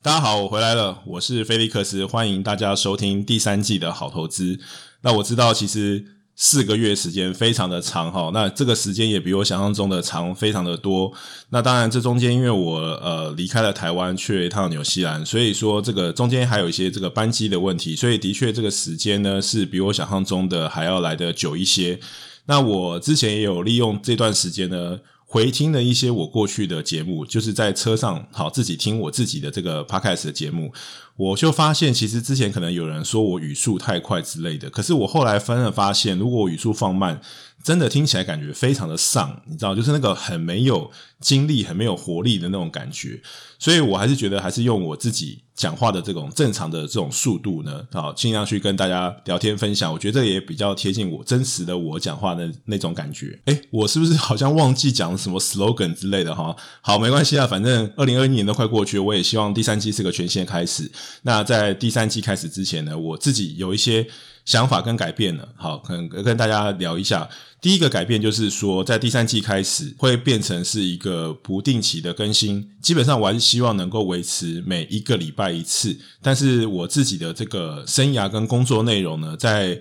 大家好，我回來了，我是菲力克斯，歡迎大家收聽第三季的好投資。那我知道，其實四個月時間非常的長哈，那這個時間也比我想象中的長，非常的多。那當然，這中間因為我呃離開了台灣去了一趟紐西蘭，所以說這個中間還有一些這個班機的問題，所以的確這個時間呢是比我想象中的還要來得久一些。那我之前也有利用這段時間呢。回聽了一些我過去的節目，就是在車上，好，自己聽我自己的這個 podcast 的節目。我就發現，其實之前可能有人說我語速太快之類的，可是我後來反而發現，如果我語速放慢，真的聽起來感覺非常的喪，你知道，就是那個很沒有精力、很沒有活力的那種感覺。所以，我還是覺得還是用我自己講話的這種正常的這種速度呢，好，儘量去跟大家聊天分享。我覺得這也比較貼近我真實的我講話的那種感覺。誒、欸，我是不是好像忘記講什麼 slogan 之類的哈？好，沒關係啊，反正二零二一年都快過去，我也希望第三季是個全新的開始。那在第三季開始之前呢，我自己有一些想法跟改變了，好，可能跟大家聊一下。第一個改變就是說，在第三季開始會變成是一個不定期的更新，基本上我還是希望能夠維持每一個禮拜一次，但是我自己的這個生涯跟工作內容呢，在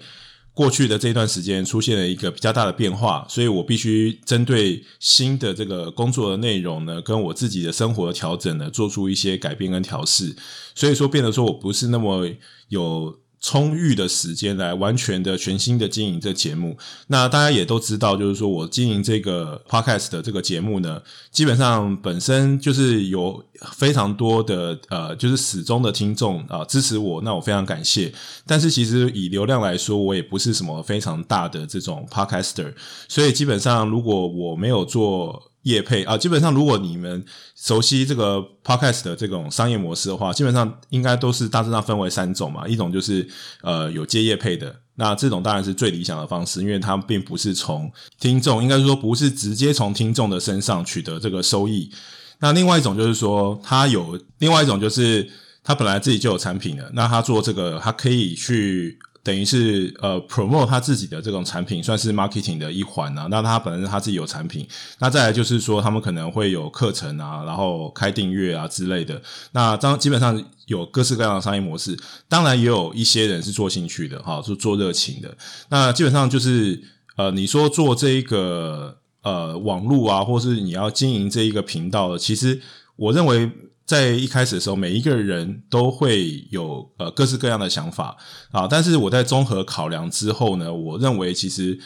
過去的這段時間出現了一個比較大的變化，所以我必須針對新的這個工作的內容呢，跟我自己的生活的調整呢，做出一些改變跟調試，所以說變得說我不是那麼有。充裕的時間來完全的全新的經營這節目。那大家也都知道，就是說我經營這個 podcast 的這個節目呢，基本上本身就是有非常多的呃，就是始終的聽眾啊，呃，支持我，那我非常感謝。但是其實以流量來說，我也不是什麼非常大的這種 podcaster，所以基本上如果我沒有做。業配啊，基本上如果你們熟悉這個 Podcast 的這種商業模式的話，基本上應該都是大致上分為三種嘛。一種就是呃有接業配的，那這種當然是最理想的方式，因為它並不是從聽眾，應該說不是直接從聽眾的身上取得這個收益。那另外一種就是說，他有另外一種就是他本來自己就有產品的，那他做這個，他可以去。等於是呃，promote 他自己的這種產品，算是 marketing 的一環啊，那他本身他自己有產品，那再來就是說，他們可能會有課程啊，然後開訂閱啊之類的。那這基本上有各式各樣的商業模式。當然也有一些人是做興趣的，哈，是做熱情的。那基本上就是呃，你說做這一個呃網絡啊，或是你要經營這一個頻道，其實我認為。在一開始的時候，每一個人都會有呃各式各樣的想法啊。但是我在綜合考量之後呢，我認為其實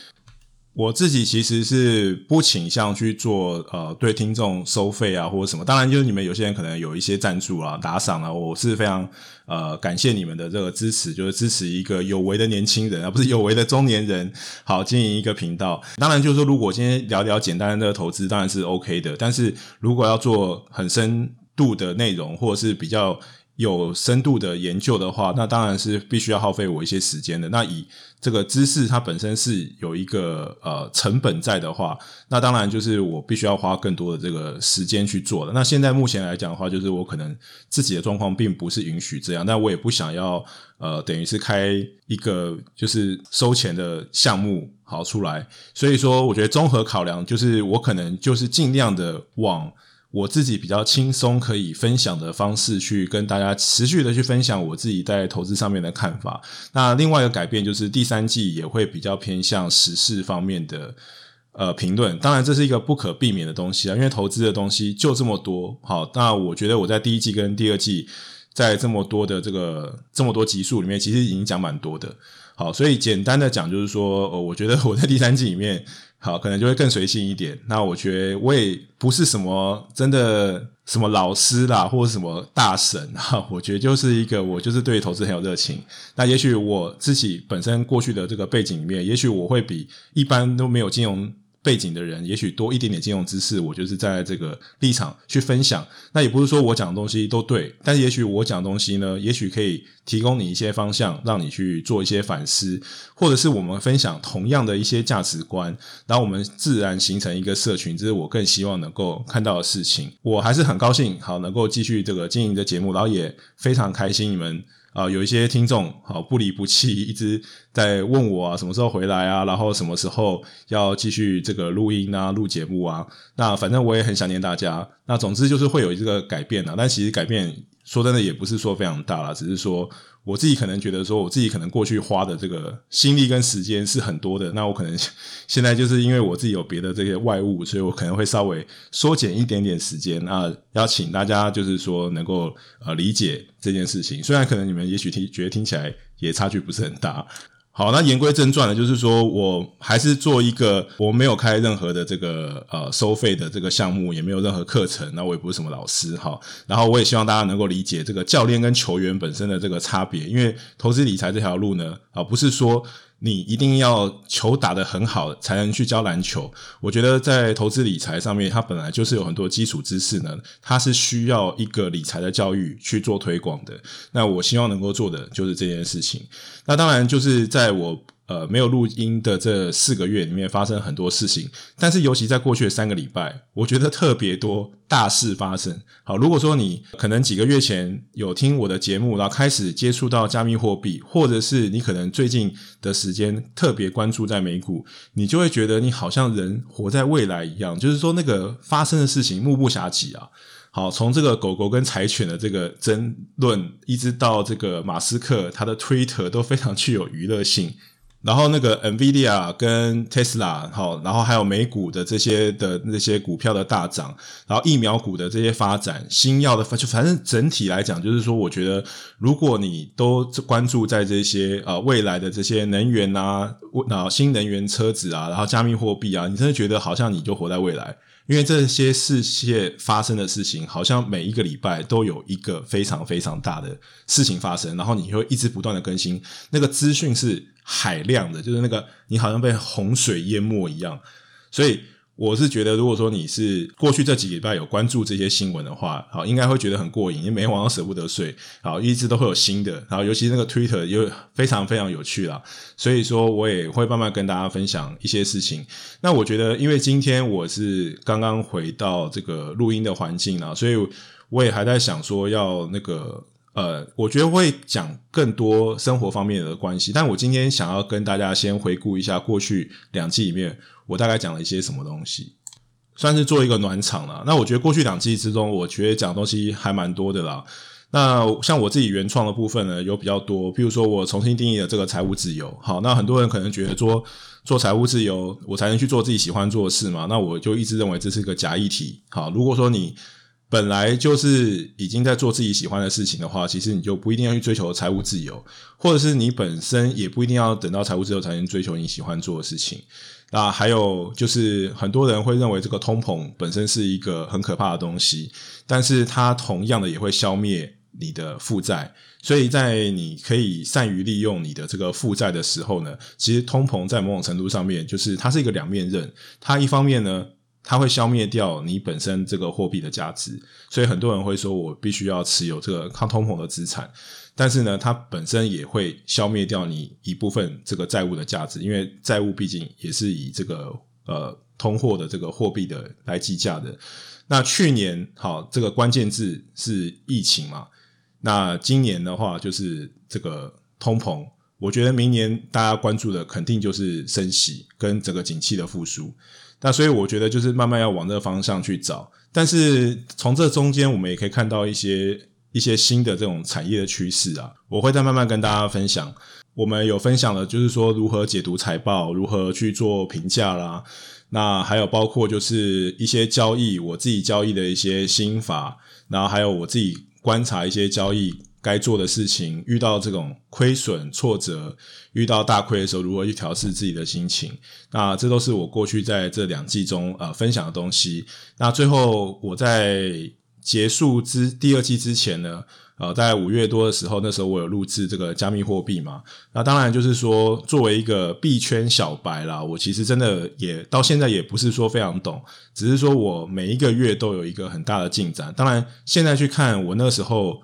我自己其實是不傾向去做呃對聽眾收費啊或者什麼。當然，就是你們有些人可能有一些贊助啊打賞啊，我是非常呃感謝你們的這個支持，就是支持一個有為的年輕人啊，不是有為的中年人，好經營一個頻道。當然，就是說如果今天聊聊簡單的這個投資，當然是 OK 的。但是如果要做很深。度的內容，或者是比較有深度的研究的話，那當然是必須要耗費我一些時間的。那以這個知識它本身是有一個呃成本在的話，那當然就是我必須要花更多的這個時間去做的。那現在目前來講的話，就是我可能自己的狀況並不是允許這樣，但我也不想要呃，等於是開一個就是收錢的項目好出來。所以說，我覺得綜合考量，就是我可能就是盡量的往。我自己比較輕鬆，可以分享的方式去跟大家持續的去分享我自己在投資上面的看法。那另外一個改變就是第三季也會比較偏向時事方面的，呃，評論。當然這是一個不可避免的東西啊，因為投資的東西就這麼多。好，那我覺得我在第一季跟第二季在這麼多的這個這麼多集數裡面，其實已經講蠻多的。好，所以簡單的講就是說，呃，我覺得我在第三季裡面。好，可能就會更隨性一點。那我覺得我也不是什麼真的什麼老師啦，或者什麼大神啊。我覺得就是一個，我就是對投資很有熱情。那也許我自己本身過去的這個背景裡面，也許我會比一般都沒有金融。背景的人，也許多一點點金融知識，我就是在這個立場去分享。那也不是說我講的東西都對，但是也許我講的東西呢，也許可以提供你一些方向，讓你去做一些反思，或者是我們分享同樣的一些價值觀，然後我們自然形成一個社群，這是我更希望能夠看到的事情。我還是很高興，好，能夠繼續這個經營的節目，然後也非常開心你們。啊，有一些聽眾好、啊、不離不棄，一直在問我啊，什麼時候回來啊？然後什麼時候要繼續這個錄音啊、錄節目啊？那反正我也很想念大家。那總之就是會有這個改變啊，但其實改變。說真的，也不是說非常大啦，只是說我自己可能覺得說，我自己可能過去花的這個心力跟時間是很多的。那我可能現在就是因為我自己有別的這些外物，所以我可能會稍微縮減一點點時間啊、呃。要請大家就是說能夠呃理解這件事情，雖然可能你們也許聽覺得聽起來也差距不是很大。好，那言歸正傳呢，就是說我還是做一個，我沒有開任何的這個呃收費的這個項目，也沒有任何課程，那我也不是什麼老師哈。然後我也希望大家能夠理解這個教練跟球員本身的這個差別，因為投資理財這條路呢，啊不是說。你一定要球打得很好，才能去教籃球。我覺得在投資理財上面，它本來就是有很多基礎知識呢，它是需要一個理財的教育去做推廣的。那我希望能夠做的就是這件事情。那當然就是在我。呃，沒有錄音的這四個月裡面發生很多事情，但是尤其在過去的三個禮拜，我覺得特別多大事發生。好，如果說你可能幾個月前有聽我的節目，然後開始接觸到加密貨幣，或者是你可能最近的時間特別關注在美股，你就會覺得你好像人活在未來一樣，就是說那個發生的事情目不暇給啊。好，從這個狗狗跟柴犬的這個爭論，一直到這個馬斯克他的推特都非常具有娛樂性。然後那個 NVIDIA 跟 Tesla 好，然後還有美股的這些的那些股票的大漲，然後疫苗股的這些發展，新藥的發，反正整體來講，就是說，我覺得如果你都關注在這些呃，未來的這些能源啊，然後新能源車子啊，然後加密貨幣啊，你真的覺得好像你就活在未來，因為這些世界發生的事情，好像每一個禮拜都有一個非常非常大的事情發生，然後你會一直不斷的更新那個資訊是海量的，就是那個你好像被洪水淹沒一樣，所以我是覺得，如果說你是過去這幾個禮拜有關注這些新聞的話，好，應該會覺得很過癮，因為每晚都捨不得睡，好，一直都會有新的，然後尤其是那個 Twitter 又非常非常有趣啦。所以說，我也會慢慢跟大家分享一些事情。那我覺得，因為今天我是剛剛回到這個錄音的環境啦，所以我也還在想說要那個。呃，我覺得會講更多生活方面的關係，但我今天想要跟大家先回顧一下過去兩季裡面，我大概講了一些什麼東西，算是做一個暖場啦。那我覺得過去兩季之中，我覺得講的東西還蠻多的啦。那像我自己原創的部分呢，有比較多，譬如說，我重新定義了這個財務自由。好，那很多人可能覺得說，做財務自由我才能去做自己喜歡做的事嘛。那我就一直認為這是一個假議題。好，如果說你。本來就是已經在做自己喜歡的事情的話，其實你就不一定要去追求財務自由，或者是你本身也不一定要等到財務自由才能追求你喜歡做的事情。那還有就是，很多人會認為這個通膨本身是一個很可怕的東西，但是它同樣的也會消滅你的負債。所以在你可以善於利用你的這個負債的時候呢，其實通膨在某種程度上面就是它是一個兩面刃，它一方面呢。它會消滅掉你本身這個貨幣的價值，所以很多人會說我必須要持有這個抗通膨的資產，但是呢，它本身也會消滅掉你一部分這個債務的價值，因為債務畢竟也是以這個呃通貨的這個貨幣的來計價的。那去年好，這個關鍵字是疫情嘛。那今年的話就是這個通膨，我覺得明年大家關注的肯定就是升息跟整個景氣的復甦。那所以我覺得就是慢慢要往這個方向去找，但是從這中間我們也可以看到一些一些新的這種產業的趨勢啊，我會再慢慢跟大家分享。我們有分享了，就是說如何解讀財報，如何去做評價啦，那還有包括就是一些交易，我自己交易的一些心法，然後還有我自己觀察一些交易。該做的事情，遇到這種虧損挫折，遇到大虧的時候，如何去調試自己的心情？那這都是我過去在這兩季中呃分享的東西。那最後我在結束之第二季之前呢，呃，在五月多的時候，那時候我有錄製這個加密貨幣嘛。那當然就是說，作為一個幣圈小白啦，我其實真的也到現在也不是說非常懂，只是說我每一個月都有一個很大的進展。當然，現在去看我那時候。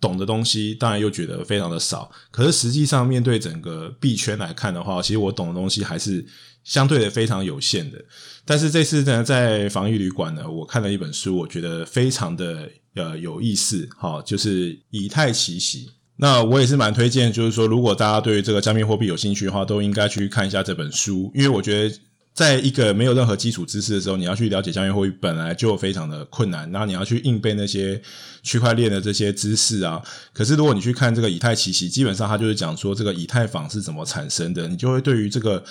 懂的東西當然又覺得非常的少，可是實際上面對整個幣圈來看的話，其實我懂的東西還是相對的非常有限的。但是這次呢，在防疫旅館呢，我看了一本書，我覺得非常的呃有意思。好，就是《以太奇襲》，那我也是蠻推薦，就是說如果大家對於這個加密貨幣有興趣的話，都應該去看一下這本書，因為我覺得。在一個沒有任何基礎知識的時候，你要去了解加密貨幣本來就非常的困難。然後你要去硬背那些區塊鏈的這些知識啊。可是如果你去看這個以太奇襲，基本上它就是講說這個以太坊是怎麼產生的，你就會對於這個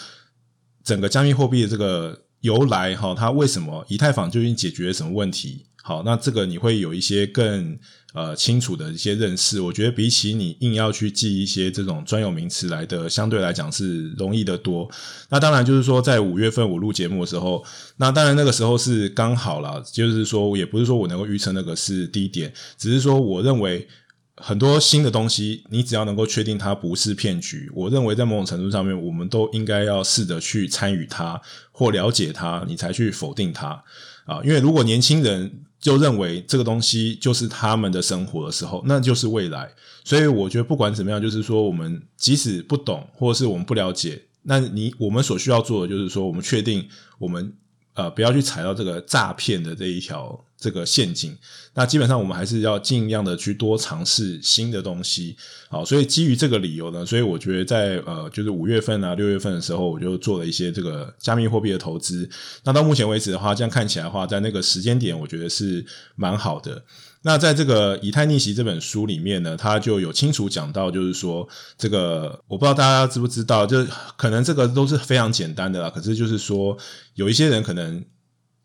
整個加密貨幣的這個由來哈，它為什麼以太坊究竟解決什麼問題？好，那這個你會有一些更呃清楚的一些認識。我覺得比起你硬要去記一些這種專有名詞來的，相對來講是容易得多。那當然就是說，在五月份我錄節目的時候，那當然那個時候是剛好啦，就是說也不是說我能夠預測那個是低點，只是說我認為很多新的東西，你只要能夠確定它不是騙局，我認為在某種程度上面，我們都應該要試着去參與它或了解它，你才去否定它。啊，因為如果年輕人就認為這個東西就是他們的生活的時候，那就是未來。所以我覺得不管怎麼樣，就是說我們即使不懂或者是我們不了解，那你我們所需要做的就是說，我們確定我們呃不要去踩到這個詐騙的這一條。這個陷阱，那基本上我們還是要盡量的去多嘗試新的東西，好，所以基於這個理由呢，所以我覺得在呃，就是五月份啊、六月份的時候，我就做了一些這個加密貨幣的投資。那到目前為止的話，這樣看起來的話，在那個時間點，我覺得是蠻好的。那在這個《以太逆襲》這本書裡面呢，他就有清楚講到，就是說這個我不知道大家知不知道，就可能這個都是非常簡單的啦，可是就是說有一些人可能。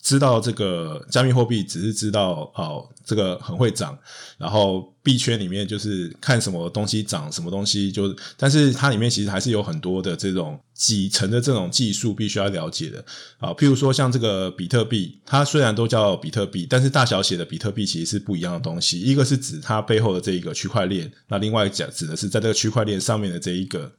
知道這個加密貨幣，只是知道哦，這個很會漲。然後幣圈裡面就是看什麼東西漲，什麼東西就。但是它裡面其實還是有很多的這種底層的這種技術必須要了解的啊。譬如說像這個比特幣，它雖然都叫比特幣，但是大小寫的比特幣其實是不一樣的東西。一個是指它背後的這一個區塊鏈，那另外講指的是在這個區塊鏈上面的這一個。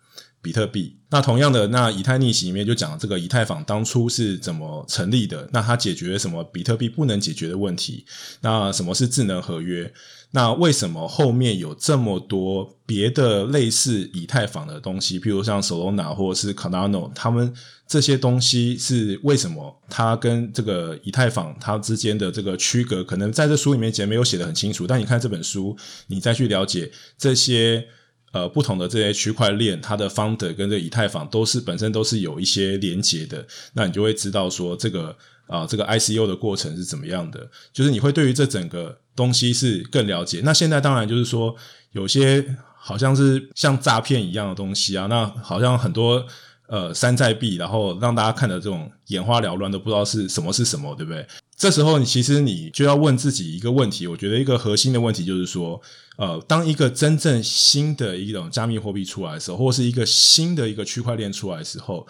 比特幣。那同樣的，那以太逆襲裡面就講這個以太坊當初是怎麼成立的，那它解決什麼比特幣不能解決的問題？那什麼是智能合約？那為什麼後面有這麼多別的類似以太坊的東西？譬如像 Solana 或者是 Cardano，他們這些東西是為什麼它跟這個以太坊它之間的這個區隔？可能在這書裡面其實沒有寫得很清楚，但你看這本書，你再去了解這些。呃，不同的這些區塊鏈，它的 founder 跟這以太坊都是本身都是有一些連接的，那你就會知道說這個啊、呃，這個 ICO 的過程是怎麼樣的，就是你會對於這整個東西是更了解。那現在當然就是說，有些好像是像詐騙一樣的東西啊，那好像很多呃山寨幣，然後讓大家看的這種眼花繚亂，都不知道是什麼是什麼，對不對？這時候，你其實你就要問自己一個問題，我覺得一個核心的問題就是說，呃，當一個真正新的一種加密貨幣出來的時候，或是一個新的一個區塊鏈出來的時候，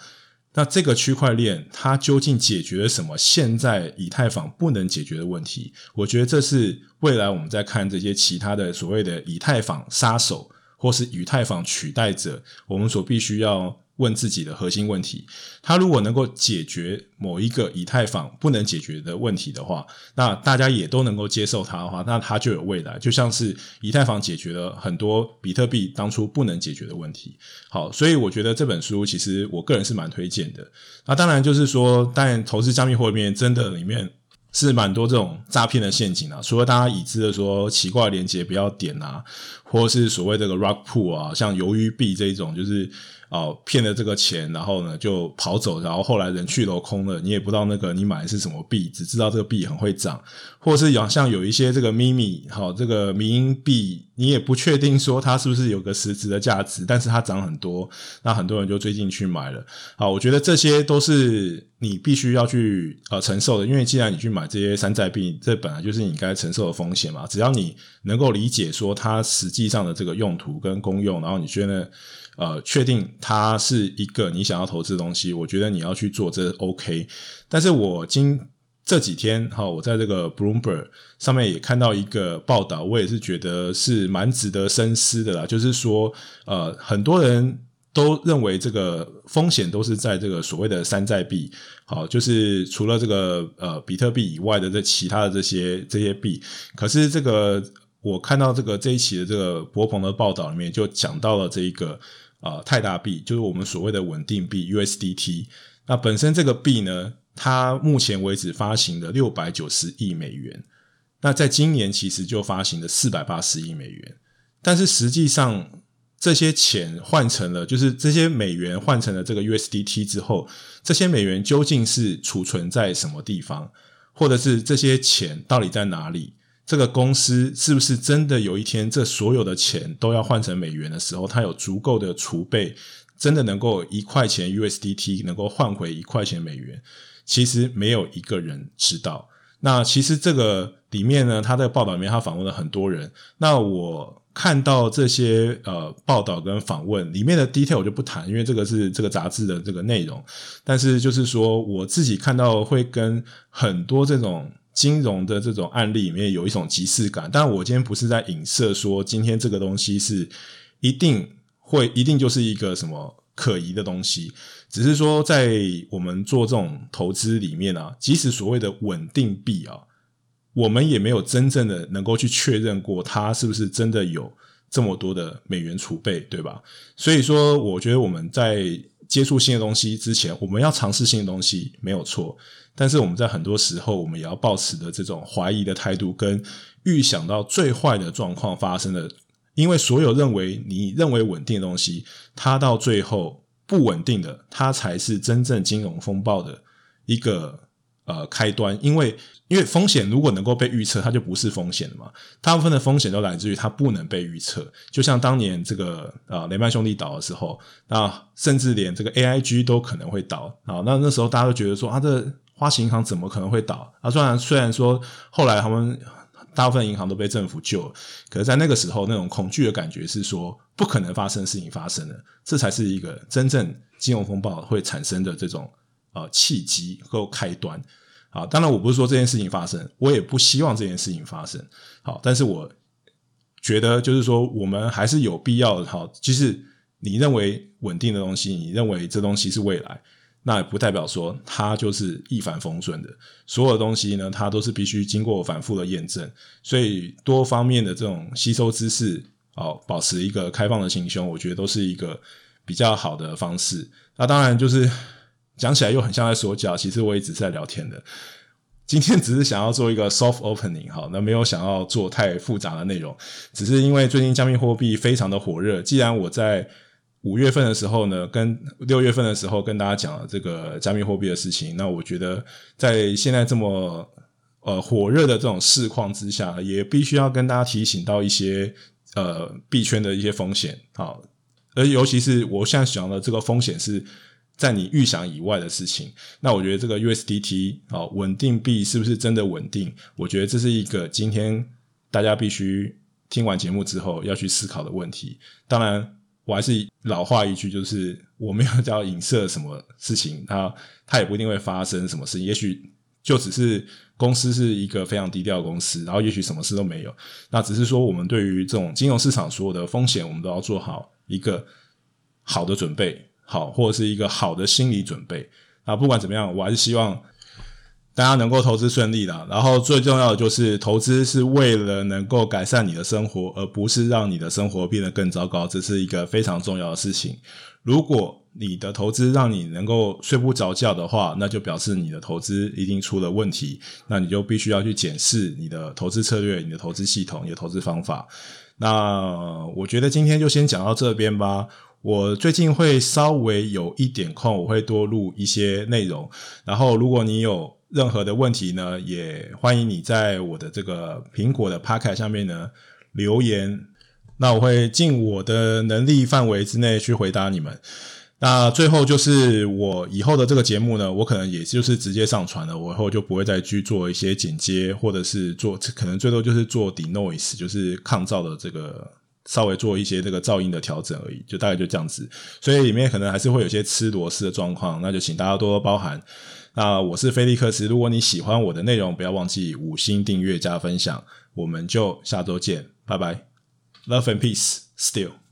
那這個區塊鏈它究竟解決了什麼現在以太坊不能解決的問題？我覺得這是未來我們在看這些其他的所謂的以太坊殺手，或是以太坊取代者，我們所必須要。問自己的核心問題，他如果能夠解決某一個以太坊不能解決的問題的話，那大家也都能夠接受它的話，那它就有未來。就像是以太坊解決了很多比特幣當初不能解決的問題。好，所以我覺得這本書其實我個人是蠻推薦的。那當然就是說，但投資加密貨幣真的裡面是蠻多這種詐騙的陷阱啊。除了大家已知的說奇怪連結不要點啊，或是所謂這個 rug pull 啊，像魷魚幣這一種就是。哦，騙了這個錢，然後呢就跑走，然後後來人去樓空了。你也不知道那個你買的是什麼幣，只知道這個幣很會漲，或是有像有一些這個秘密，好、哦、這個營幣，你也不確定說它是不是有個實質的價值，但是它漲很多，那很多人就追進去買了。好，我覺得這些都是你必須要去呃承受的，因為既然你去買這些山寨幣，這本來就是你應該承受的風險嘛。只要你能夠理解說它實際上的這個用途跟功用，然後你覺得。呃，確定它是一個你想要投資的東西，我覺得你要去做這是 OK。但是我今這幾天哈，我在這個 Bloomberg 上面也看到一個報道，我也是覺得是蠻值得深思的啦。就是說，呃，很多人都認為這個風險都是在這個所謂的山寨幣，好，就是除了這個呃比特幣以外的這其他的這些這些幣。可是這個我看到這個這一期的這個博鵬的報道裡面就講到了這一個。呃，泰達幣就是我們所謂的穩定幣 USDT。那本身這個幣呢，它目前為止發行了六百九十億美元，那在今年其實就發行了四百八十億美元。但是實際上，這些錢換成了，就是這些美元換成了這個 USDT 之後，這些美元究竟是儲存在什麼地方，或者是這些錢到底在哪裡？這個公司是不是真的有一天，這所有的錢都要換成美元的時候，它有足夠的儲備，真的能夠一塊錢 USDT 能夠換回一塊錢美元？其實沒有一個人知道。那其實這個裡面呢，他在報道裡面他訪問了很多人。那我看到這些呃報道跟訪問裡面的 detail 我就不談，因為這個是這個雜誌的這個內容。但是就是說，我自己看到會跟很多這種。金融的這種案例裡面有一種即視感，但我今天不是在影射說今天這個東西是一定會一定就是一個什麼可疑的東西，只是說在我們做這種投資裡面啊，即使所謂的穩定幣啊，我們也沒有真正的能夠去確認過它是不是真的有這麼多的美元儲備，對吧？所以說，我覺得我們在接觸新的東西之前，我們要嘗試新的東西，沒有錯。但是我們在很多時候，我們也要抱持的這種懷疑的態度，跟預想到最壞的狀況發生的，因為所有認為你認為穩定的東西，它到最後不穩定的，它才是真正金融風暴的一個呃開端。因為因為風險如果能夠被預測，它就不是風險了嘛。大部分的風險都來自於它不能被預測。就像當年這個啊、呃、雷曼兄弟倒的時候，那甚至連這個 AIG 都可能會倒啊。那那時候大家都覺得說啊這。花旗銀行怎麼可能會倒？啊，雖然雖然說後來他們大部分銀行都被政府救了，可是在那個時候，那種恐懼的感覺是說不可能發生事情發生的，這才是一個真正金融風暴會產生的這種啊契機和開端啊。好，當然，我不是說這件事情發生，我也不希望這件事情發生。好，但是我覺得就是說，我們還是有必要哈。其實你認為穩定的東西，你認為這東西是未來。那也不代表說它就是一帆風順的，所有的東西呢，它都是必須經過反覆的驗證，所以多方面的這種吸收知識，哦，保持一個開放的心胸，我覺得都是一個比較好的方式。那當然就是講起來又很像在說教，其實我也只是在聊天的。今天只是想要做一個 soft opening 哈，那沒有想要做太複雜的內容，只是因為最近加密貨幣非常的火熱，既然我在。五月份的時候呢，跟六月份的時候跟大家講了這個加密貨幣的事情。那我覺得，在現在這麼呃火熱的這種市況之下，也必須要跟大家提醒到一些呃幣圈的一些風險啊。而尤其是我現在想的這個風險是在你預想以外的事情。那我覺得這個 USDT 啊，穩定幣是不是真的穩定？我覺得這是一個今天大家必須聽完節目之後要去思考的問題。當然。我還是老話一句，就是我沒有叫影射什麼事情，它它也不一定會發生什麼事情，也許就只是公司是一個非常低調的公司，然後也許什麼事都沒有，那只是說我們對於這種金融市場所有的風險，我們都要做好一個好的準備，好，或者是一個好的心理準備，那不管怎麼樣，我還是希望，大家能夠投資順利啦，然後最重要的就是投資是為了能夠改善你的生活，而不是讓你的生活變得更糟糕。這是一個非常重要的事情。如果你的投資讓你能夠睡不着覺的話，那就表示你的投資一定出了問題。那你就必須要去檢視你的投資策略、你的投資系統、你的投資方法。那我覺得今天就先講到這邊吧。我最近會稍微有一點空，我會多錄一些內容。然後如果你有。任何的問題呢，也歡迎你在我的這個蘋果的 Podcast 上面呢，留言，那我會盡我的能力範圍之內去回答你們。那最後就是我以後的這個節目呢，我可能也就是直接上傳了，我以後就不會再去做一些剪接，或者是做，可能最多就是做 denoise，就是抗噪的這個，稍微做一些這個噪音的調整而已，就大概就這樣子。所以裡面可能還是會有些吃螺絲的狀況，那就請大家多多包涵。那我是菲力克斯，如果你喜歡我的內容，不要忘記五星訂閱加分享，我們就下周見，拜拜，Love and peace, still.